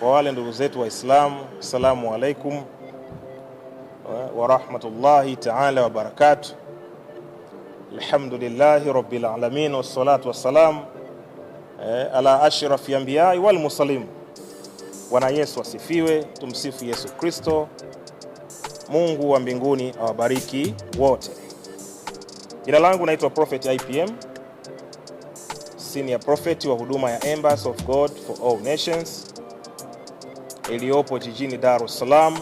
Kwa wale ndugu zetu Waislamu, assalamu alaikum eh, wa rahmatullahi taala wa barakatuh. Alhamdulillahi rabbil alamin wassalatu wassalam eh, ala ashrafi anbiyai wal mursalin. Bwana Yesu asifiwe, tumsifu Yesu Kristo. Mungu wa mbinguni awabariki wote. Jina langu naitwa Prophet IPM, senior prophet wa huduma ya Embassy of God for All Nations iliyopo jijini Dar es Salaam,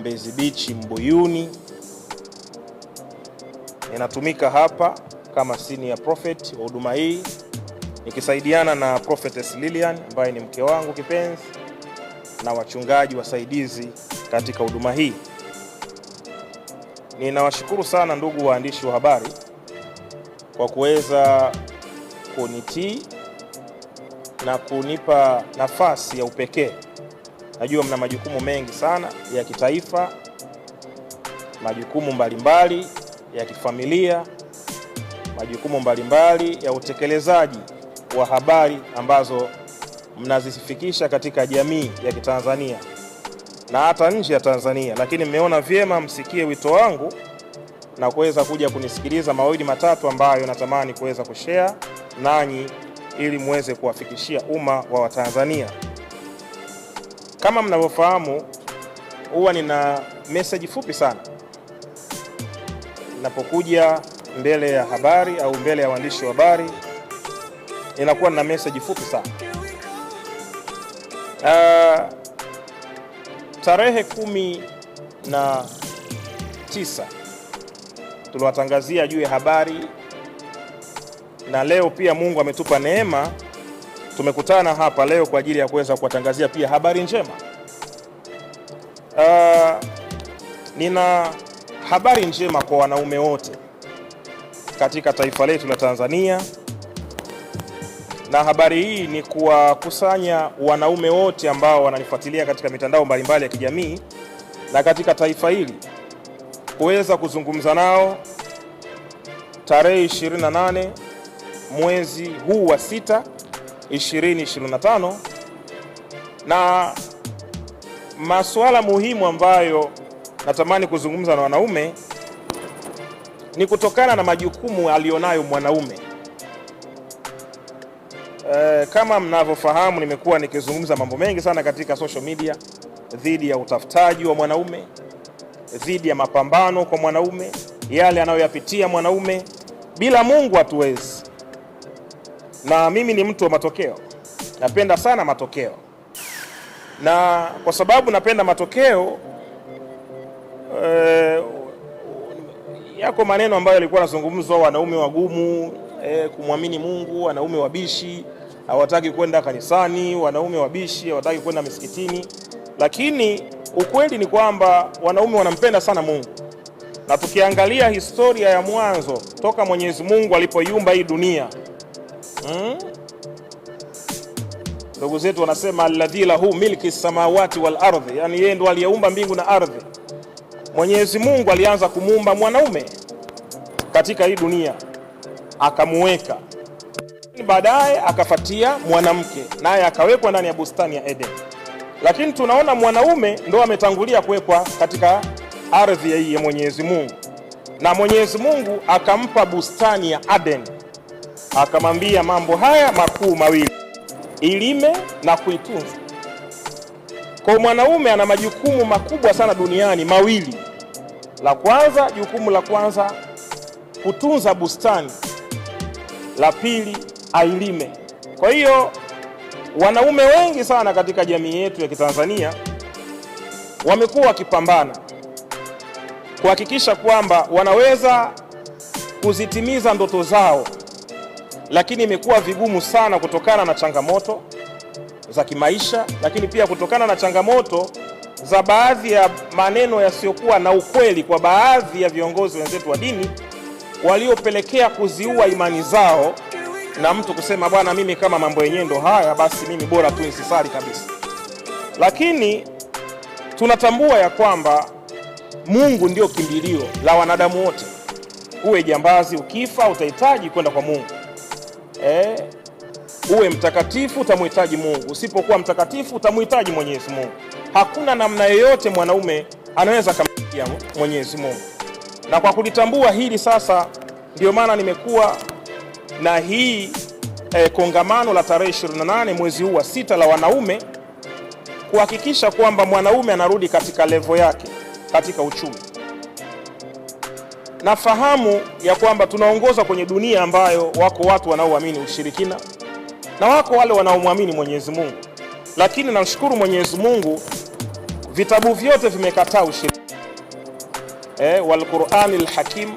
Mbezi Beach Mbuyuni. inatumika hapa kama senior prophet wa huduma hii nikisaidiana na prophetess Lilian ambaye ni mke wangu kipenzi na wachungaji wasaidizi katika huduma hii. Ninawashukuru sana ndugu waandishi wa habari kwa kuweza kunitii na kunipa nafasi ya upekee. Najua mna majukumu mengi sana ya kitaifa, majukumu mbalimbali mbali ya kifamilia, majukumu mbalimbali mbali ya utekelezaji wa habari ambazo mnazifikisha katika jamii ya Kitanzania na hata nje ya Tanzania, lakini mmeona vyema msikie wito wangu na kuweza kuja kunisikiliza mawili matatu ambayo natamani kuweza kushare nanyi ili muweze kuwafikishia umma wa Watanzania. Kama mnavyofahamu, huwa nina message fupi sana ninapokuja mbele ya habari au mbele ya waandishi wa habari, inakuwa nina message fupi sana. Uh, tarehe kumi na tisa tuliwatangazia juu ya habari na leo pia Mungu ametupa neema, tumekutana hapa leo kwa ajili ya kuweza kuwatangazia pia habari njema. Uh, nina habari njema kwa wanaume wote katika taifa letu la Tanzania, na habari hii ni kuwakusanya wanaume wote ambao wananifuatilia katika mitandao mbalimbali ya kijamii na katika taifa hili kuweza kuzungumza nao tarehe 28 mwezi huu wa sita 2025 na masuala muhimu ambayo natamani kuzungumza na wanaume ni kutokana na majukumu aliyonayo mwanaume. E, kama mnavyofahamu, nimekuwa nikizungumza mambo mengi sana katika social media dhidi ya utafutaji wa mwanaume, dhidi ya mapambano kwa mwanaume, yale anayoyapitia mwanaume. Bila Mungu hatuwezi na mimi ni mtu wa matokeo, napenda sana matokeo, na kwa sababu napenda matokeo e, yako maneno ambayo yalikuwa yanazungumzwa, wanaume wagumu e, kumwamini Mungu, wanaume wabishi hawataki kwenda kanisani, wanaume wabishi hawataki kwenda misikitini, lakini ukweli ni kwamba wanaume wanampenda sana Mungu, na tukiangalia historia ya mwanzo toka Mwenyezi Mungu alipoiumba hii dunia Hmm? Ndugu zetu wanasema alladhi lahu milki samawati wal ardhi, yani yeye ndo aliyeumba mbingu na ardhi. Mwenyezi Mungu alianza kumuumba mwanaume katika hii dunia akamuweka, baadaye akafatia mwanamke naye akawekwa ndani ya bustani ya Eden, lakini tunaona mwanaume ndo ametangulia kuwekwa katika ardhi hii ya Mwenyezi Mungu, na Mwenyezi Mungu akampa bustani ya Eden akamwambia mambo haya makuu mawili, ilime na kuitunza. Kwa mwanaume ana majukumu makubwa sana duniani mawili. La kwanza, jukumu la kwanza kutunza bustani, la pili ailime. Kwa hiyo wanaume wengi sana katika jamii yetu ya Kitanzania wamekuwa wakipambana kuhakikisha kwamba wanaweza kuzitimiza ndoto zao lakini imekuwa vigumu sana kutokana na changamoto za kimaisha, lakini pia kutokana na changamoto za baadhi ya maneno yasiyokuwa na ukweli kwa baadhi ya viongozi wenzetu wa dini waliopelekea kuziua imani zao na mtu kusema bwana, mimi kama mambo yenyewe ndo haya, basi mimi bora tu nisisali kabisa. Lakini tunatambua ya kwamba Mungu ndio kimbilio la wanadamu wote. Uwe jambazi, ukifa utahitaji kwenda kwa Mungu eh, uwe mtakatifu utamhitaji Mungu. Usipokuwa mtakatifu utamhitaji Mwenyezi Mungu. Hakuna namna yoyote mwanaume anaweza akamfikia Mwenyezi Mungu, na kwa kulitambua hili sasa, ndio maana nimekuwa na hii eh, kongamano la tarehe 28 mwezi huu wa sita la wanaume kuhakikisha kwamba mwanaume anarudi katika levo yake katika uchumi nafahamu ya kwamba tunaongoza kwenye dunia ambayo wako watu wanaoamini ushirikina na wako wale wanaomwamini Mwenyezi Mungu, lakini namshukuru Mwenyezi Mungu, vitabu vyote vimekataa ushirikina. Eh, walqurani lhakim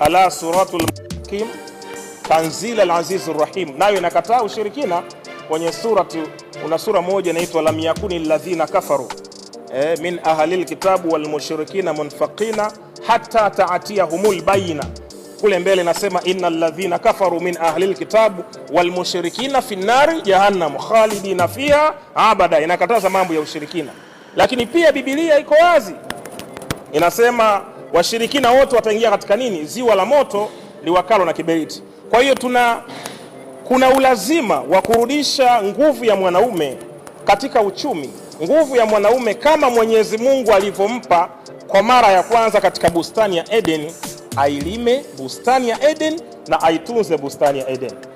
ala suratu lhakim tanzila alazizu rahim, nayo inakataa ushirikina kwenye surati, una sura moja inaitwa lam yakuni alladhina kafaru eh, min ahli lkitabu walmushrikina munfaqina hata humul bayina. Kule mbele nasema inna ladhina kafaru min ahli kitabu wal mushrikina fi nnari jahannam khalidina fiha abada. Inakataza mambo ya ushirikina, lakini pia Biblia iko wazi inasema washirikina wote wataingia katika nini? Ziwa la moto liwakalo na kiberiti. Kwa hiyo tuna kuna ulazima wa kurudisha nguvu ya mwanaume katika uchumi, nguvu ya mwanaume kama Mwenyezi Mungu alivyompa kwa mara ya kwanza katika bustani ya Eden, ailime bustani ya Eden na aitunze bustani ya Eden.